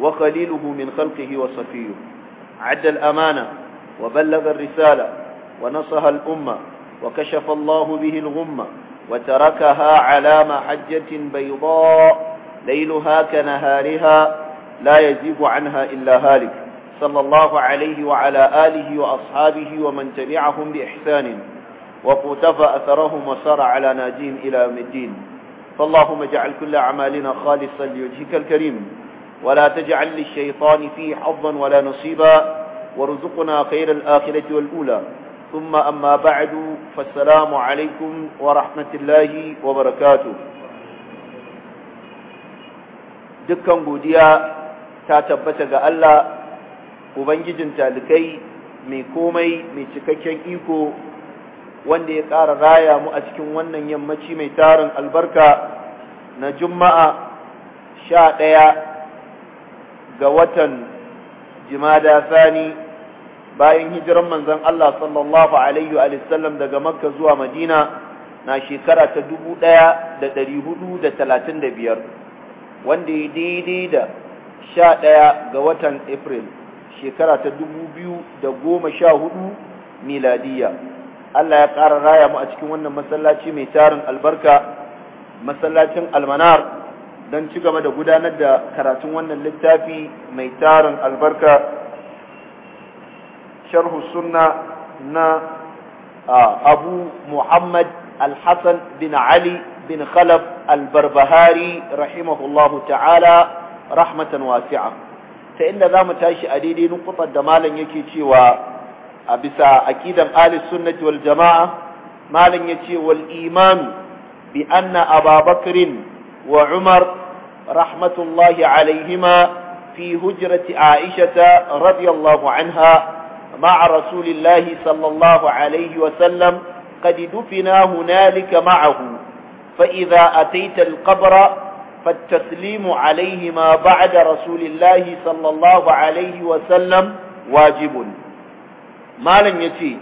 وخليله من خلقه وصفيه عد الأمانة وبلغ الرسالة ونصها الأمة وكشف الله به الغمة وتركها على محجة بيضاء ليلها كنهارها لا يزيغ عنها إلا هالك صلى الله عليه وعلى آله وأصحابه ومن تبعهم بإحسان وقتفى أثرهم وسار على ناجيهم إلى يوم الدين فاللهم اجعل كل أعمالنا خالصا لوجهك الكريم ولا تجعل للشيطان فيه حظا ولا نصيبا وارزقنا خير الآخرة والأولى ثم أما بعد فالسلام عليكم ورحمة الله وبركاته dukkan godiya ta tabbata ga Allah ubangijin talikai mai komai mai cikakken iko wanda ya ƙara raya mu a cikin wannan yammaci mai tarin albarka na juma'a sha ɗaya ga watan jimada sani bayan hijiran manzon Allah sallallahu alaihi wa sallam daga makka zuwa madina na shekara ta 1435 wanda ya daidai da 11 ga watan april shekara ta 2014 miladiya Allah ya ƙara raya mu a cikin wannan masallaci mai tarin albarka masallacin almanar don ci gaba da gudanar da karatun wannan littafi mai tarin albarka sharhu sunna na abu muhammad al-hassan bin ali bin khalaf al-barbahari rahimahullahu ta'ala rahmatan wasi'a ta inda za mu tashi a daidai nukutar da malam yake cewa a bisa aqidan ahli sunnati wal jama'a malam yace wal imanu bi anna ababakrin wa umar رحمة الله عليهما في هجرة عائشة رضي الله عنها مع رسول الله صلى الله عليه وسلم قد دفنا هنالك معه فإذا أتيت القبر فالتسليم عليهما بعد رسول الله صلى الله عليه وسلم واجب ما لن يتي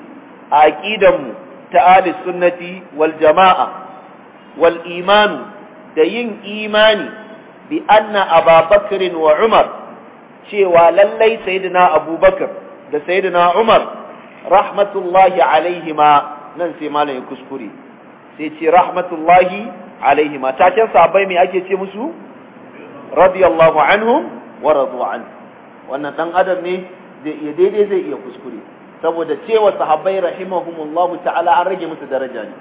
أكيدم تعالى السنة والجماعة والإيمان دين إيماني bi anna ababakar wa umar cewa lallai sayyidina abubakar da sayyidina umar rahmatullahi alaihima nan sai malam ya kuskure sai ce rahmatullahi alaihima taken sahabbai me ake ce musu radiyallahu anhum wa radu wannan dan adam ne ya daidai zai iya kuskure saboda cewa sahabbai rahimahumullahu ta'ala an rage musu daraja ne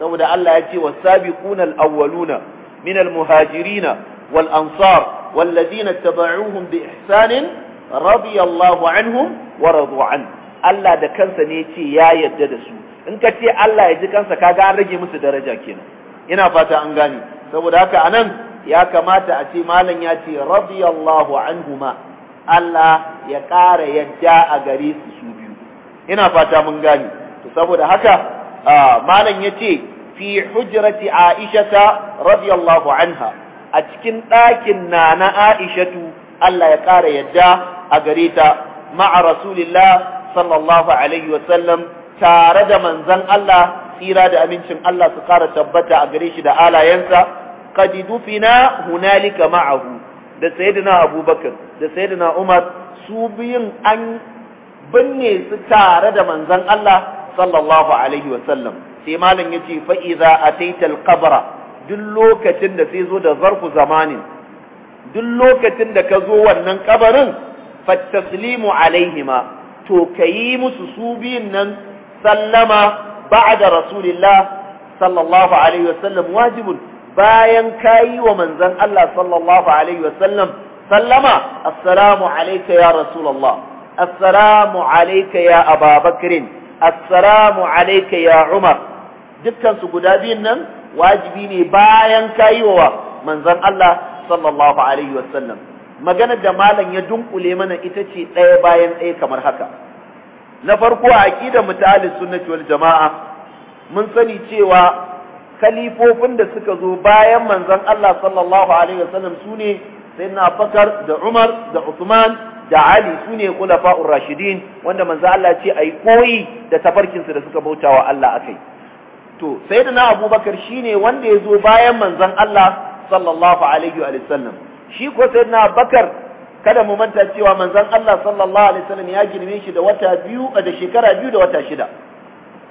saboda Allah ya ce wasabiquna al-awwaluna min al-muhajirina والأنصار والذين اتبعوهم بإحسان رضي الله عنهم ورضوا عنه الله ده كنسا نيتي يا يددسو إن كتي الله يجي كنسا كاقا رجي مسو درجة كينا إنا فاتا أنغاني سبو داك أنم يا كماتا أتي مالا ياتي رضي الله عنهما الله يقار يجاء غريس سوبيو إنا فاتا منغاني سبو دهكا آه مالا ياتي في حجرة عائشة رضي الله عنها a cikin ɗakin na na Aishatu Allah ya ƙara yadda a gare ta ma'a Rasulillah sallallahu alaihi wasallam tare da manzon Allah tsira da amincin Allah su ƙara tabbata a gare shi da alayensa qad dufina hunalika ma'ahu da sayyidina Abubakar da sayyidina Umar su biyun an binne su tare da manzon Allah sallallahu alaihi wasallam sai malam yace fa idza ataita al-qabra duk lokacin da sai zo da zarfu zamanin duk lokacin da ka zo wannan kabarin fattaslimu alaihima to ka yi musu su biyun nan sallama da rasulillah sallallahu alaihi wasallam wajibun bayan ka yi wa manzan Allah sallallahu alaihi wasallam sallama assalamu alayka ya rasulallah! assalamu alayka ya ababakrin assalamu alayka ya umar dukkan su guda biyun nan wajibi ne bayan kayiwa manzon Allah sallallahu alaihi wasallam maganar da malam ya dunkule mana ita ce ɗaya bayan ɗaya kamar haka na farko a aqidar mutalis sunnati wal jama'a mun sani cewa kalifofin da suka zo bayan manzan Allah sallallahu alaihi wasallam sune sayyidina Bakar da Umar da Uthman da Ali sune khulafa'ur rashidin wanda manzan Allah ce ai koyi da tafarkin su da suka bautawa Allah akai to sayyidina abubakar shi ne wanda ya zo bayan Manzan Allah sallallahu alaihi wa sallam shi ko sayyidina abubakar kada mu manta cewa Manzan Allah sallallahu alaihi wa sallam ya girme shi da wata biyu da shekara biyu da wata shida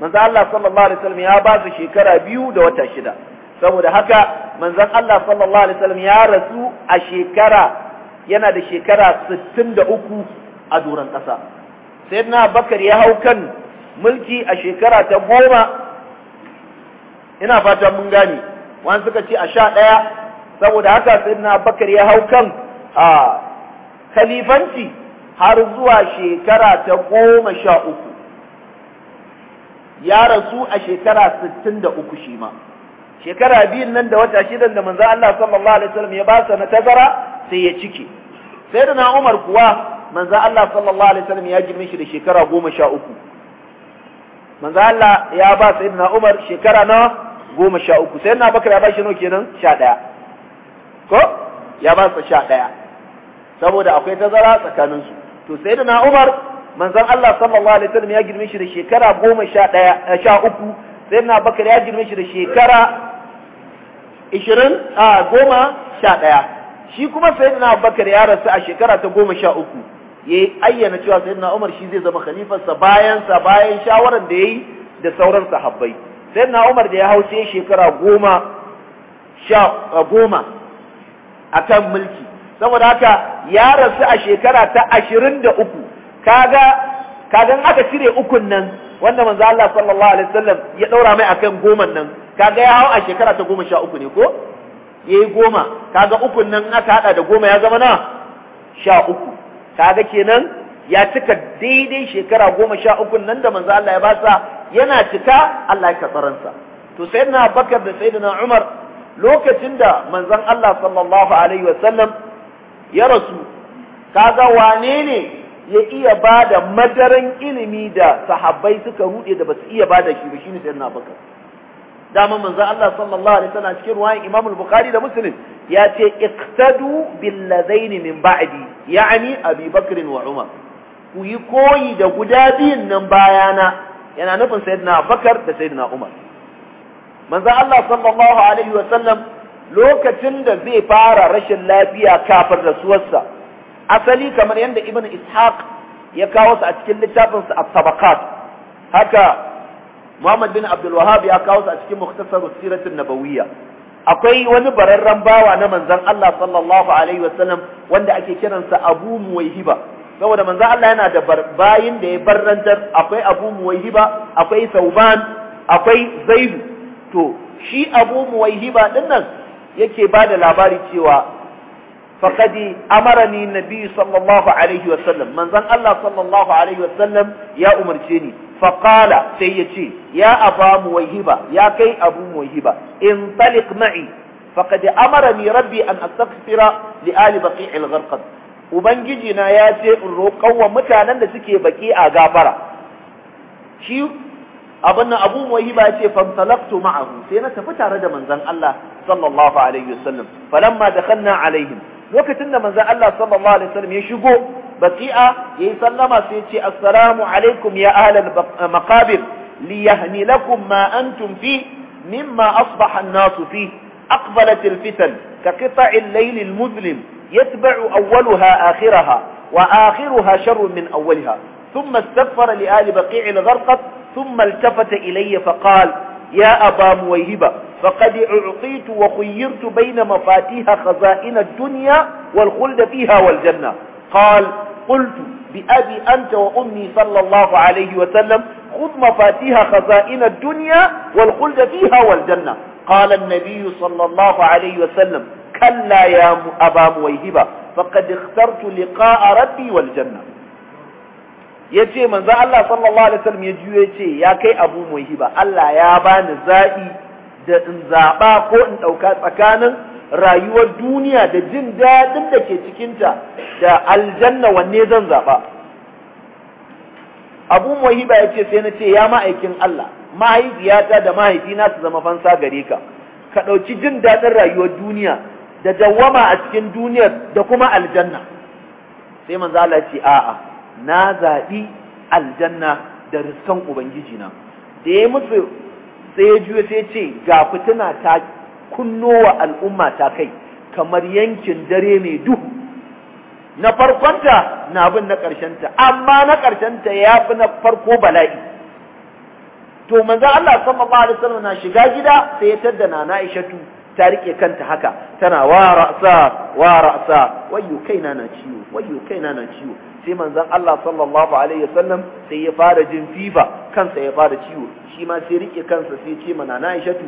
Manzan Allah sallallahu alaihi wa sallam ya ba su shekara biyu da wata shida saboda haka Manzan Allah sallallahu alaihi wa sallam ya rasu a shekara yana da shekara 63 a doron ƙasa sayyidina Abubakar ya hau kan mulki a shekara ta goma ina fatan mun gane wani suka ce a sha ɗaya saboda haka sayyidina bakar ya hau kan a khalifanci har zuwa shekara ta goma sha uku ya rasu a shekara sittin da uku shi ma shekara biyun nan da wata shidan da manzan Allah sallallahu alaihi wasallam ya ba sa na tazara sai ya cike Sai da na Umar kuwa manzan Allah sallallahu alaihi wasallam ya girme shi da shekara goma sha uku manzo Allah ya ba sayyidina Umar shekara na goma sha uku sayyidina Bakar ya ba shi nawa kenan sha ɗaya ko ya ba su sha ɗaya saboda akwai tazara tsakanin su to sayyidina Umar manzon Allah sallallahu alaihi wasallam ya girme shi da shekara goma sha ɗaya eh, sha uku sayyidina Bakar ya girme shi da shekara ishirin a ah, goma sha ɗaya shi kuma sayyidina Bakar ya rasu a shekara ta goma sha uku ya ayyana cewa na Umar shi zai zama khalifarsa bayan sa bayan shawarar da ya yi da sauran sahabbai na Umar da ya sai shekara goma sha goma a kan mulki saboda haka ya rasu a shekara ta ashirin da uku kaga kagan aka cire ukun nan wanda manzo Allah sallallahu alaihi wasallam ya daura mai akan goman nan kaga ya hau a shekara ta goma sha uku ne ko yayi goma kaga ukun nan aka hada da goma ya zama na uku. kaga kenan ya cika daidai shekara goma sha uku nan da manzo Allah ya basa yana cika Allah ya katsaransa to sayyidina Bakar da sayyidina Umar lokacin da manzon Allah sallallahu alaihi wasallam ya rasu kaga wane ne ya iya ba da madaran ilimi da sahabbai suka rude da basu iya bada shi ba shine sayyidina Bakar dama manzo Allah sallallahu alaihi wasallam cikin ruwayan Imam al-Bukhari da Muslim ya ce iqtadu bil ladaini min ba'di ya'ani Abi Bakr wa Umar ku yi koyi da guda biyun nan bayana yana nufin sayyidina Bakar da sayyidina Umar manzo Allah sallallahu alaihi wa sallam lokacin da zai fara rashin lafiya kafin rasuwarsa asali kamar yadda Ibn Ishaq ya kawo su a cikin littafinsa at-Tabaqat haka Muhammad bin Abdul Wahhab ya kawo su a cikin Mukhtasar siratun Nabawiyya akwai wani bararren bawa na manzan Allah sallallahu alaihi wasallam wanda ake kiransa Abu Muwayhiba saboda manzan Allah yana da bayin da ya barrantar akwai Abu Muwayhiba akwai Sauban akwai Zaidu to shi Abu Muwayhiba din nan yake bada labari cewa faqadi amarani nabi sallallahu alaihi wasallam manzan Allah sallallahu alaihi wasallam ya umarce ni faƙala sai ya ce ya aba muwaihiba ya kai abu muwaihiba in talik ma'i faqad amara ni rabbi an astaghfira li ali baqi' al-gharqad ubangiji na ya ce in wa mutanen da suke baki a gafara shi abin nan abu muwaihiba ya ce fantalaqtu ma'ahu sai na tafi tare da manzon Allah sallallahu alaihi wasallam falamma dakhalna alaihim lokacin da manzon Allah sallallahu alaihi wasallam ya shigo بكيئة يسلم سيتي السلام عليكم يا أهل المقابر ليهني لكم ما أنتم فيه مما أصبح الناس فيه أقبلت الفتن كقطع الليل المظلم يتبع أولها آخرها وآخرها شر من أولها ثم استغفر لآل بقيع الغرقط ثم التفت إلي فقال يا أبا مويهبة فقد أعطيت وخيرت بين مفاتيح خزائن الدنيا والخلد فيها والجنة قال قلت بأبي أنت وأمي صلى الله عليه وسلم خذ مفاتيح خزائن الدنيا والخلد فيها والجنة قال النبي صلى الله عليه وسلم كلا يا أبا مويهبة فقد اخترت لقاء ربي والجنة ya ce manzo صلى الله عليه وسلم ya يجي يا كي أبو مويهبة abu muhiba Allah ya bani za'i da in zaba ko in rayuwar duniya da jin daɗin da ke cikinta da aljanna wanne zan zaɓa abu muhiba ya ce sai na ce ya ma'aikin Allah mahaifiyata da mahaifina su zama fansa gare ka ka ɗauki jin daɗin rayuwar duniya da dawwama a cikin duniyar da kuma aljanna sai manzo Allah ce a'a na zaɓi aljanna da riskan ubangijina da ya mutu sai ya juyo sai ce ga fitina ta kunnowa al'umma ta kai kamar yankin dare mai duhu na farkonta na bin na ta, amma na ta ya fi na farko bala'i to manzo Allah sallallahu alaihi wasallam na shiga gida sai ya tadda nana Aishatu ta rike kanta haka tana wa ra'sa wa ra'sa wayyo kaina na ciwo wayyo kaina na ciwo sai manzon Allah sallallahu alaihi wasallam sai ya fara jin fifa kansa ya fara ciwo shi ma sai rike kansa sai ce mana na Aishatu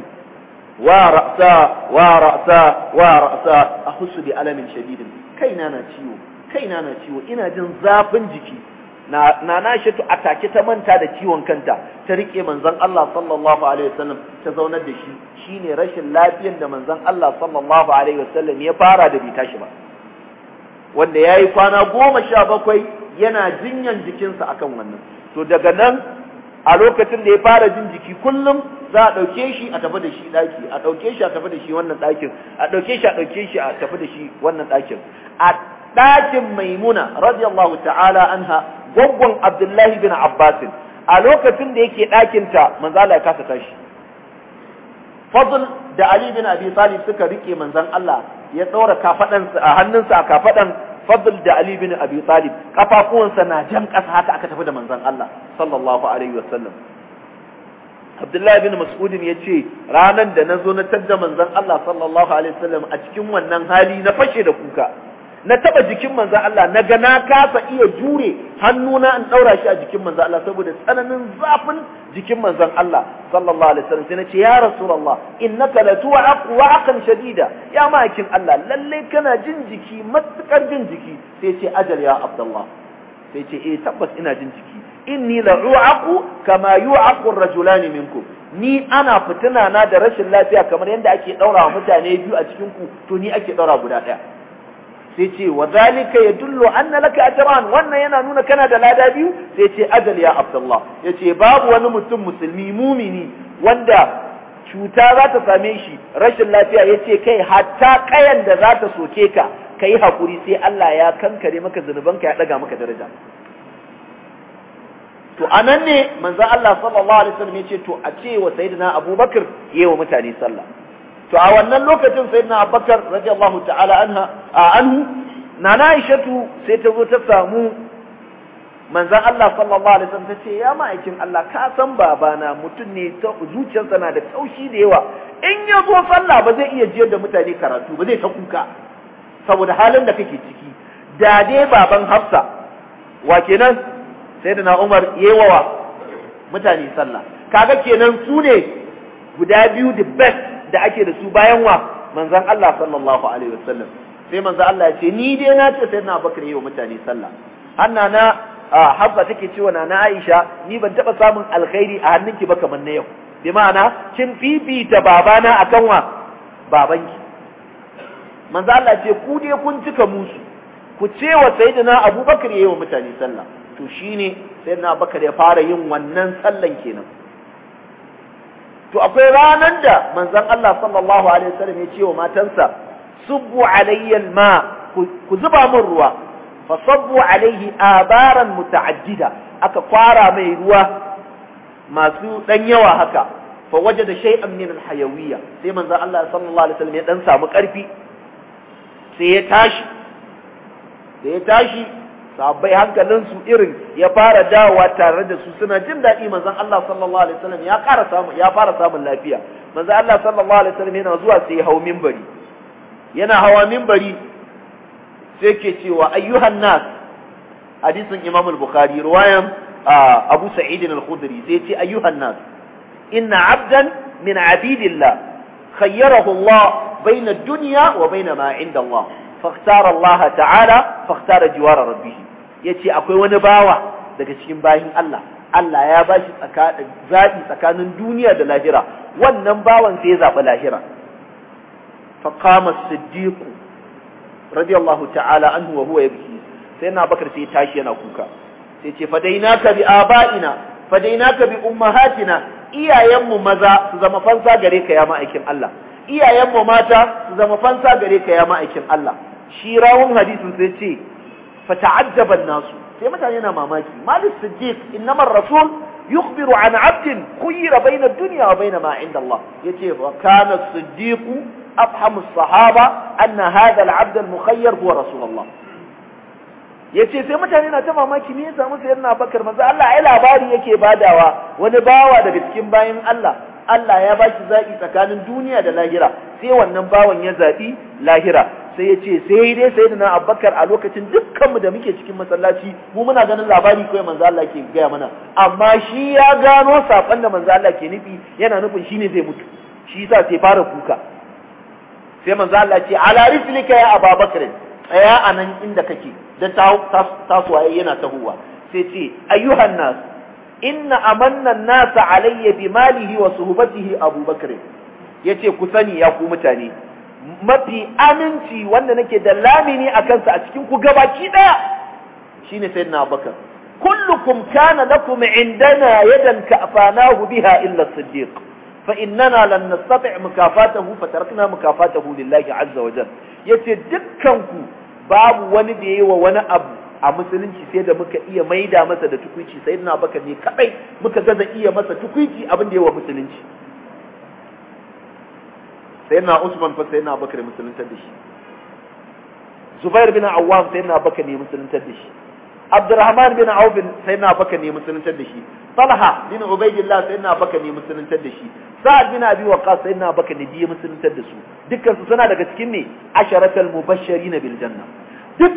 ahussu bi alamin shadidin بألم شديد ciwo نتيو كينا ciwo ina jin zafin jiki na na shi a take ta manta da ciwon kanta ta rike manzon Allah sallallahu alaihi wasallam ta zaunar da shi shine rashin lafiyar da manzon Allah sallallahu alaihi wasallam ya fara da bi tashi ba wanda yayi kwana goma sha bakwai yana jinyan jikinsa akan wannan to daga nan a lokacin da ya fara jin jiki kullum za a ɗauke shi a tafi da shi ɗaki a ɗauke shi a tafi da shi wannan ɗakin a ɗauke shi a ɗauke shi a tafi da shi wannan ɗakin a ɗakin maimuna radiyallahu ta'ala anha gwaggon abdullahi bin abbas a lokacin da yake ɗakinta manzo Allah ya kasa tashi fadl da ali bin abi talib suka rike manzon Allah ya daura kafaɗan a hannunsa a kafaɗan fadl da ali bin abi talib kafafuwansa na jan ƙasa haka aka tafi da manzon Allah sallallahu alaihi wasallam abdullahi bin mas'udin ya ce ranar da na zo na tadda manzan Allah sallallahu alaihi wasallam a cikin wannan hali na fashe da kuka na taba jikin manzan Allah na ga na kasa iya jure hannuna in ɗaura shi a jikin manzan Allah saboda tsananin zafin jikin manzan Allah sallallahu alaihi wasallam sai na ce ya rasulullah innaka la tu'aqu wa'aqan shadida ya ma'akin Allah lalle kana jin jiki matukar jin jiki sai ce ajal ya abdullah sai ce eh tabbas ina jin jiki inni la'u'aqu kama yu'aqu ar-rajulani minkum ni ana fitina na da rashin lafiya kamar yadda ake daura wa mutane biyu a cikin ku to ni ake daura guda daya sai ce wa zalika yadullu anna laka ajran wannan yana nuna kana da lada biyu sai ce ajal ya abdullah yace babu wani mutum musulmi mumini wanda cuta za ta same shi rashin lafiya yace kai hatta kayan da za ta soke ka kai hakuri sai Allah ya kankare maka zanubanka ya daga maka daraja to anan ne manzo Allah sallallahu alaihi wasallam yace to a ce wa sayyidina Abubakar yayi wa mutane sallah to a wannan lokacin sayyidina Abubakar radiyallahu ta'ala anha a anhu nana Aishatu sai ta zo ta samu manzon Allah sallallahu alaihi wasallam tace ya ma'aikin Allah ka san babana mutum ne ta zuciyarsa na da taushi da yawa in ya zo sallah ba zai iya jiyar da mutane karatu ba zai ta kuka saboda halin da kake ciki da dai baban Hafsa wa kenan sai na Umar yewawa mutane sallah kaga kenan su ne guda biyu the best da ake da su bayan wa Allah sallallahu alaihi wasallam sai manzan Allah ya ce ni dai na ce sayyidina yi wa mutane sallah hanna na habba take cewa na Aisha ni ban taba samun alkhairi a hannunki ba kamar na yau bi ma'ana kin fifita babana akan wa babanki manzan Allah ce ku dai kun cika musu ku ce wa sayyidina Abubakar yayi wa mutane sallah to shine sayyidina Abubakar ya fara yin wannan sallan kenan to akwai ranar da manzon Allah sallallahu alaihi wasallam ya ce wa matansa subbu alayya ma ku zuba min ruwa fa sabbu alaihi abaran muta'addida aka kwara mai ruwa masu dan yawa haka fa wajada shay'an min alhayawiyya sai manzon Allah sallallahu alaihi wasallam ya dan samu karfi sai ya tashi da ya tashi sahabbai su irin ya fara dawowa tare da su suna jin daɗi manzon Allah sallallahu alaihi wasallam ya samu ya fara samun lafiya manzon Allah sallallahu alaihi wasallam yana zuwa sai hawo minbari yana hawa minbari sai ke cewa ayyuhan nas hadisin Imam al-Bukhari riwayan Abu Sa'id al-Khudri sai ce ayyuhan nas inna abdan min abidillah khayyarahu Allah bayna ad-dunya wa bayna ma 'inda Allah فاختار الله تعالى فاختار جوار ربه Ya ce akwai wani bawa daga cikin bayin Allah Allah ya bashi zaɓi tsakanin duniya da lahira wannan bawan sai ya zaɓi lahira faqama siddiƙu radiyallahu ta'ala An huwa huwa ya biki sai na bakar sai tashi yana kuka sai ce ka bi abaina ka bi ummahatina iyayenmu maza su zama fansa gare ka ya ma'aikin Allah iyayenmu mata su zama fansa gare ka ya ma'aikin Allah shi rawun hadisin sai ce فتعجب الناس sai mutane na mamaki malik siddiq innaman rasul yukhbiru an abdin khuyira baina duniya wa baina ma inda Allah yace wa kana siddiq sahaba anna hadha al-abd al-mukhayyar huwa sai mutane na ta mamaki me yasa musu yana bakar manzo Allah ai labari yake badawa wani bawa daga cikin bayan Allah Allah ya baki zaki tsakanin duniya da lahira sai wannan bawan ya zabi lahira sai ya ce sai dai sai da na abubakar a lokacin dukkanmu da muke cikin masallaci mu muna ganin labari kawai manzo ke gaya mana amma shi ya gano saban da manzo ke nufi yana nufin shi ne zai mutu shi yasa sai fara kuka sai manzo Allah ce ala riflika ya ababakar tsaya a nan inda kake da tasowa yana tahowa sai ce ayyuhan nas inna amanna nasa alayya bi malihi wa suhbatihi abubakar yace ku sani ya ku mutane mafi aminci wanda nake da lamini a kansa a cikin ku gabaki daya shine sayyidina Abubakar kullukum kana lakum indana yadan kafanahu biha illa as-siddiq fa innana lan nastati' mukafatahu tarakna mukafatahu lillahi azza wa jalla yace dukkan ku babu wani da yayi wa wani abu a musulunci sai da muka iya maida masa da tukuici sayyidina Abubakar ne kadai muka gaza iya masa tukuici abin da yayi wa musulunci sai na Usman fa sai na Bakari musuluntar da shi Zubair bin Awwam sai na Bakari musuluntar da shi Abdurrahman bin Auf sai na Bakari musuluntar da shi Talha bin Ubaydillah sai na Bakari musuluntar da shi Sa'ad bin Abi Waqqas sayyidina Abubakar ne biye musuluntar da su dukkan su suna daga cikin ne asharatul mubashirin bil janna duk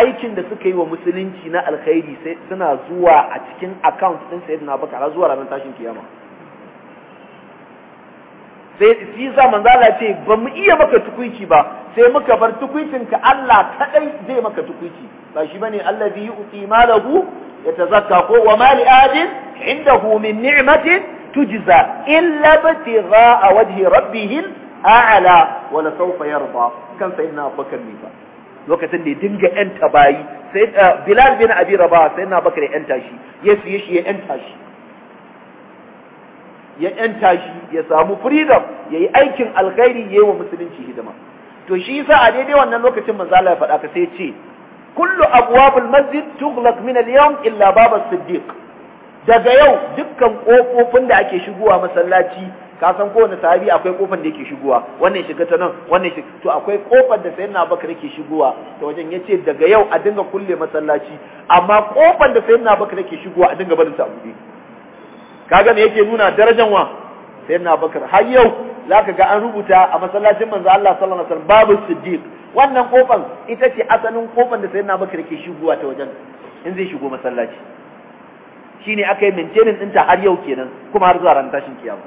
aikin da suka yi wa musulunci na alkhairi suna zuwa a cikin account din sayyidina Abubakar zuwa ranar tashin kiyama sai shi yasa manzo Allah ce ba mu iya maka tukunci ba sai muka bar tukuicin ka Allah kadai zai maka tukunci ba shi bane allazi yu'ti malahu yatazakka ko wa ma li adin indahu min ni'matin tujza illa batigha wajhi rabbih a'la wa la sawfa yarda kan sayyidina Abubakar ne ba lokacin da ya dinga yan tabayi sai eh, Bilal bin Abi Rabah sai Abubakar ya yanta yan tashi siye shi ya yanta ya yanta shi ya samu freedom ya yi aikin alkhairi ya yi wa musulunci hidima to shi yasa a daidai wannan lokacin manzala ya faɗa ka sai ce kullu abwabul masjid tughlaq min al-yawm illa baba siddiq daga yau dukkan kofofin da ake shigowa masallaci kasan san kowane sahabi akwai kofar da yake shigowa wannan shiga ta nan wannan shiga to akwai kofar da sayyidina Abubakar yake shigowa ta wajen yace daga yau a dinga kulle masallaci amma kofar da sayyidina Abubakar yake shigowa a dinga barin ta a buɗe kaga me yake nuna darajan wa sayyidina Abubakar har yau zaka ga an rubuta a masallacin manzo Allah sallallahu alaihi wasallam babu siddiq wannan kofan ita ce asalin kofan da sayyidina Abubakar ke shigowa ta wajen in zai shigo masallaci shine aka yi maintaining ta har yau kenan kuma har zuwa ran tashin kiyama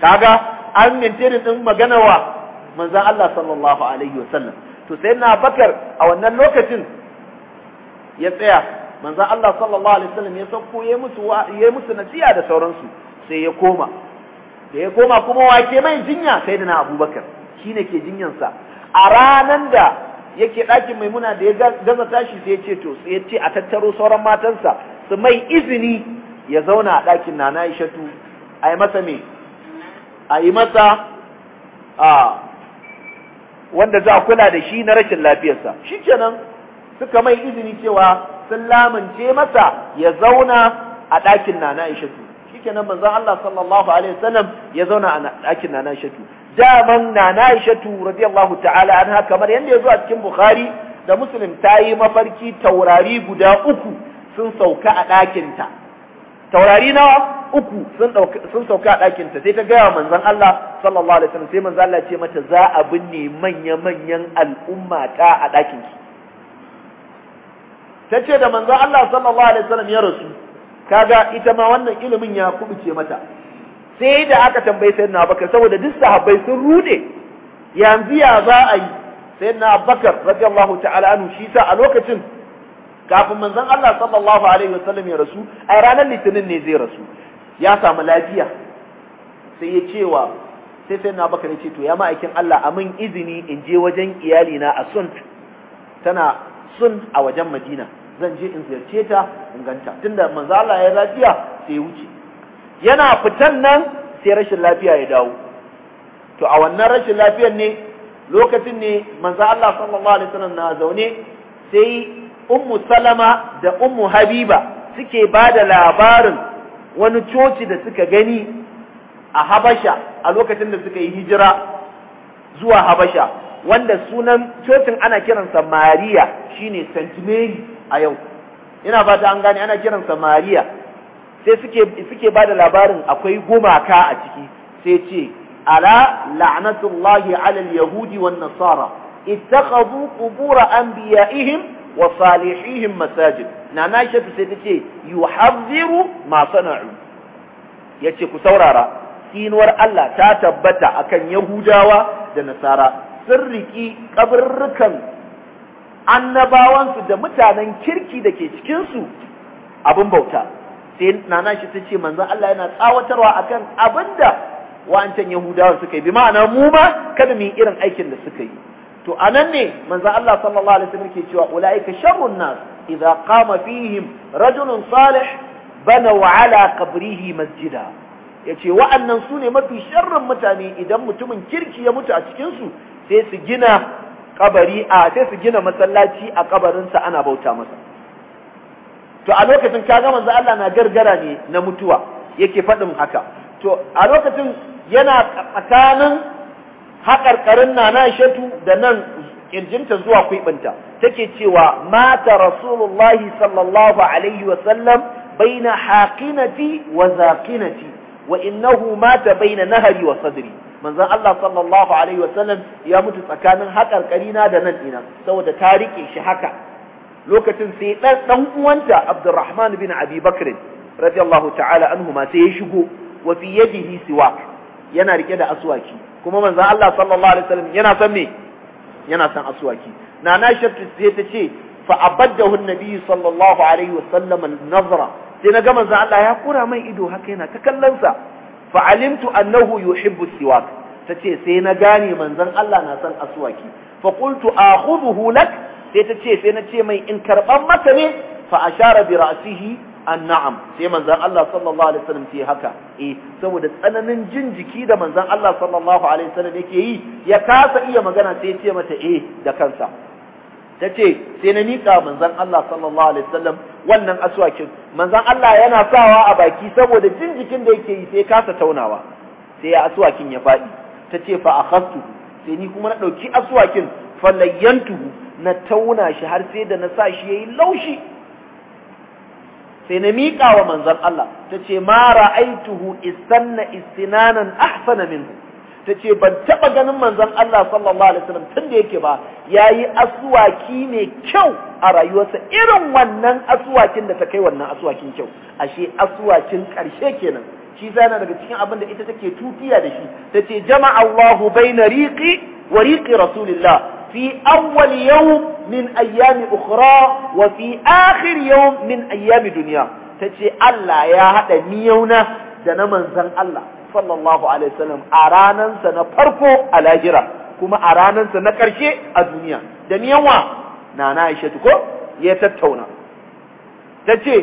kaga an maintenance din magana wa manzo Allah sallallahu alaihi wasallam to sayyidina Abubakar a wannan lokacin ya tsaya manzo Allah sallallahu alaihi wasallam ya sauko ya musu ya musu nasiha da sauransu sai ya koma da ya koma kuma wake mai jinya Sai da na Abubakar shine ke jinyansa a ranan da yake ɗakin maimuna da ya gaza tashi sai ya ce to sai ya ce a tattaro sauran matansa su mai izini ya zauna a ɗakin nana Aishatu a yi masa me a yi masa a wanda za a kula da shi na rashin lafiyarsa kenan suka mai izini cewa sun lamince masa ya zauna a ɗakin nana Aishatu shikenan manzon Allah sallallahu alaihi wasallam ya zauna a ɗakin nana Aishatu daman nana Aishatu radiyallahu ta'ala anha kamar yanda yazo a cikin Bukhari da Muslim ta yi mafarki taurari guda uku sun sauka a ɗakinta taurari nawa uku sun sauka a ɗakinta sai ta gaya wa manzon Allah sallallahu alaihi wasallam sai manzon Allah ce mata za a binne manya-manyan al'umma ta a ɗakinki tace da manzo Allah sallallahu alaihi wasallam ya rasu kaga ita ma wannan ilimin ya kubuce mata sai da aka tambaye sayyidina Abubakar saboda duk sahabbai sun rude yanzu ya za a yi sayyidina Abubakar radiyallahu ta'ala anhu shi sa a lokacin kafin manzon Allah sallallahu alaihi wasallam ya rasu a ranar litinin ne zai rasu ya samu lafiya sai ya cewa sai sai na baka ce to ya ma'aikin Allah amin izini in je wajen iyalina a sunt tana sun a wajen madina zan je in ziyarce ta in ganta tunda manzo ya lafiya sai ya wuce yana fitan nan sai rashin lafiya ya dawo to a wannan rashin lafiyar ne lokacin ne manzo Allah sallallahu alaihi wasallam na zaune sai ummu salama da ummu habiba suke ba da labarin wani coci da suka gani a habasha a lokacin da suka yi hijira zuwa habasha wanda sunan cocin ana kiransa Mariya shine Saint Mary a yau ina fata an gane ana kiransa Mariya sai suke suke bada labarin akwai gumaka a ciki sai ce ala la'natullahi ala al-yahudi wan nasara ittakhadhu qubur anbiya'ihim wa salihihim masajid na na shafi sai tace yuhadhiru ma sana'u yace ku saurara sinuwar Allah ta tabbata akan yahudawa da nasara sun riƙi kaburrukan annabawansu da mutanen kirki da ke cikinsu abin bauta sai nana shi ta ce manzon Allah yana tsawatarwa akan abinda wa'ancan Yahudawa suka yi bi ma'ana mu ma kada mu yi irin aikin da suka yi to anan ne manzon Allah sallallahu alaihi wasallam ke cewa ulaika sharrun nas idza qama fihim rajulun salih bana ala qabrihi masjida yace wa'annan su ne mafi sharrin mutane idan mutumin kirki ya mutu a cikin su sai su gina kabari a sai su gina masallaci a kabarinsa ana bauta masa to a lokacin kaga manzo Allah na gargara ne na mutuwa yake faɗin haka to a lokacin yana tsakanin haƙarƙarin nana shatu da nan kirjinta zuwa kuibinta take cewa mata rasulullahi sallallahu alaihi wa sallam baina haqinati wa zaqinati wa innahu mata baina nahari wa sadri manzon Allah sallallahu alaihi wasallam ya mutu tsakanin haƙarƙari na da nan ina saboda ta rike shi haka lokacin sai dan dan uwanta Abdurrahman bin Abi Bakr radiyallahu ta'ala anhu ma sai ya shigo wa fi yadihi siwak yana rike da aswaki kuma manzon Allah sallallahu alaihi wasallam yana son me yana son aswaki nana shaftu sai ta ce fa abaddahu an-nabi sallallahu alaihi wasallam an-nazra sai na ga manzon Allah ya kura mai ido haka yana ta kallon sa fa'alimtu annahu yuhibbu siwak tace sai na gane manzon Allah na san aswaki Faƙultu a hudu hulak sai tace sai na ce mai in karɓan mata ne fa ashara bi an na'am sai manzan Allah sallallahu alaihi wasallam ce haka E saboda tsananin jin jiki da manzon Allah sallallahu alaihi wasallam yake yi ya kasa iya magana sai ya ce mata eh da kansa tace sai na nika manzan Allah sallallahu alaihi wasallam wannan aswakin manzan Allah yana sawa a baki saboda jin jikin da yake yi sai kasa taunawa sai ya aswakin ya faɗi ta ce fa akhastu sai ni kuma na ɗauki aswakin falayyantuhu na tauna shi har sai da na sa shi yayi laushi sai na miƙa wa manzon Allah ta ce ma ra'aituhu istanna istinanan ahsana minhu ta ce ban taɓa ganin manzon Allah sallallahu alaihi wasallam tun da yake ba ya yi asuwaki mai kyau a rayuwarsa irin wannan asuwakin da ta kai wannan asuwakin kyau ashe asuwakin ƙarshe kenan shi yana daga cikin abin da ita take tutiya da shi ta ce jama Allahu baina riqi wa riqi rasulillah fi awwal yawm min ayyami ukhra wa fi akhir yawm min ayyami dunya ta ce Allah ya haɗa miyauna da na manzon Allah sallallahu alaihi wasallam a ranansa na farko a lahira kuma a ranansa na ƙarshe a duniya da miyanwa na na aisha ko ya tattauna ta ce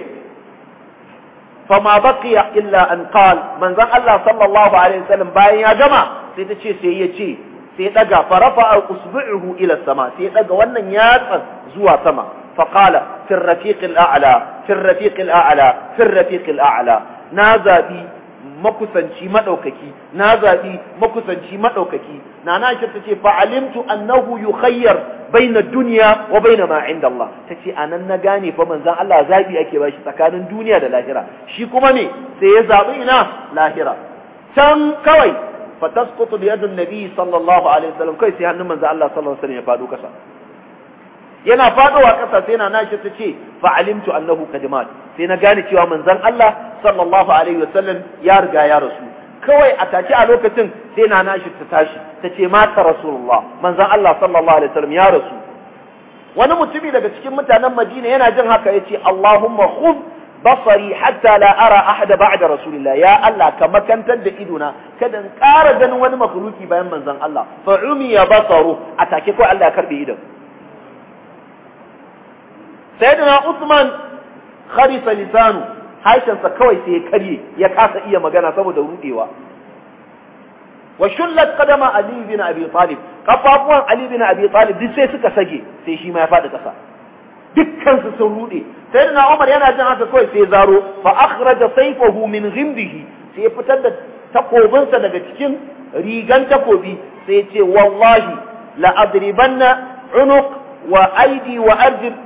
fama baqiya illa an qal manzon Allah sallallahu alaihi wasallam bayan ya gama sai ta ce sai ya ce sai daga farafa usbu'uhu ila sama sai daga wannan yatsan zuwa sama فقال fin الرفيق ala fin الرفيق a'la fin الرفيق a'la na zaɓi makusanci maɗaukaki na zaɓi makusanci maɗaukaki nana Aisha tace ce fa'alimtu annahu yukhayyar baina duniya wa baina main da Allah tace anan na gane fa manzan Allah zabi ake bashi tsakanin duniya da lahira shi kuma me sai ya zabi ina lahira can kawai fatasqutu biyar da nabi sallallahu alaihi wasallam kai sai hannun manzon Allah sallallahu alaihi wasallam ya fado kasa yana fadowa ƙasa sai na nashi ta ce fa alimtu annahu sai na gane cewa manzon Allah sallallahu alaihi wasallam ya riga ya rasu kawai a take a lokacin sai na nashi ta tashi ta ce mata rasulullah manzon Allah sallallahu alaihi wasallam ya rasu wani mutumi daga cikin mutanen Madina yana jin haka yace Allahumma khudh basari hatta la ara ahada ba'da rasulillah ya Allah ka makantar da idona kada in ƙara ganin wani makhluki bayan manzon Allah fa umiya basaru a take ko Allah ya karbe idon sayyidina Usman kharisa lisanu harshensa kawai sai ya karye ya kasa iya magana saboda rudewa wa shullat qadama ali bin abi talib kafafuwan ali bin abi talib duk sai suka sage sai shi ma ya fadi kasa dukkan su sun rude sayyidina Umar yana jin haka kawai sai zaro fa akhraja sayfahu min ghimdihi sai fitar da takobinsa daga cikin rigan takobi sai ce wallahi la adribanna unuq wa aidi wa arjul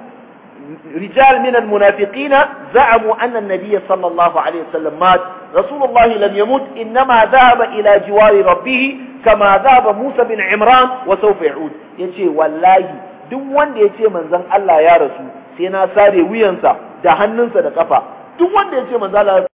رجال من المنافقين زعموا أن النبي صلى الله عليه وسلم مات رسول الله لم يمت إنما ذهب إلى جوار ربه كما ذهب موسى بن عمران وسوف يعود ينشي والله دون يتي من زن الله يا رسول سينا ساري وينسى دهننسى دقفا دون يتي من زن الله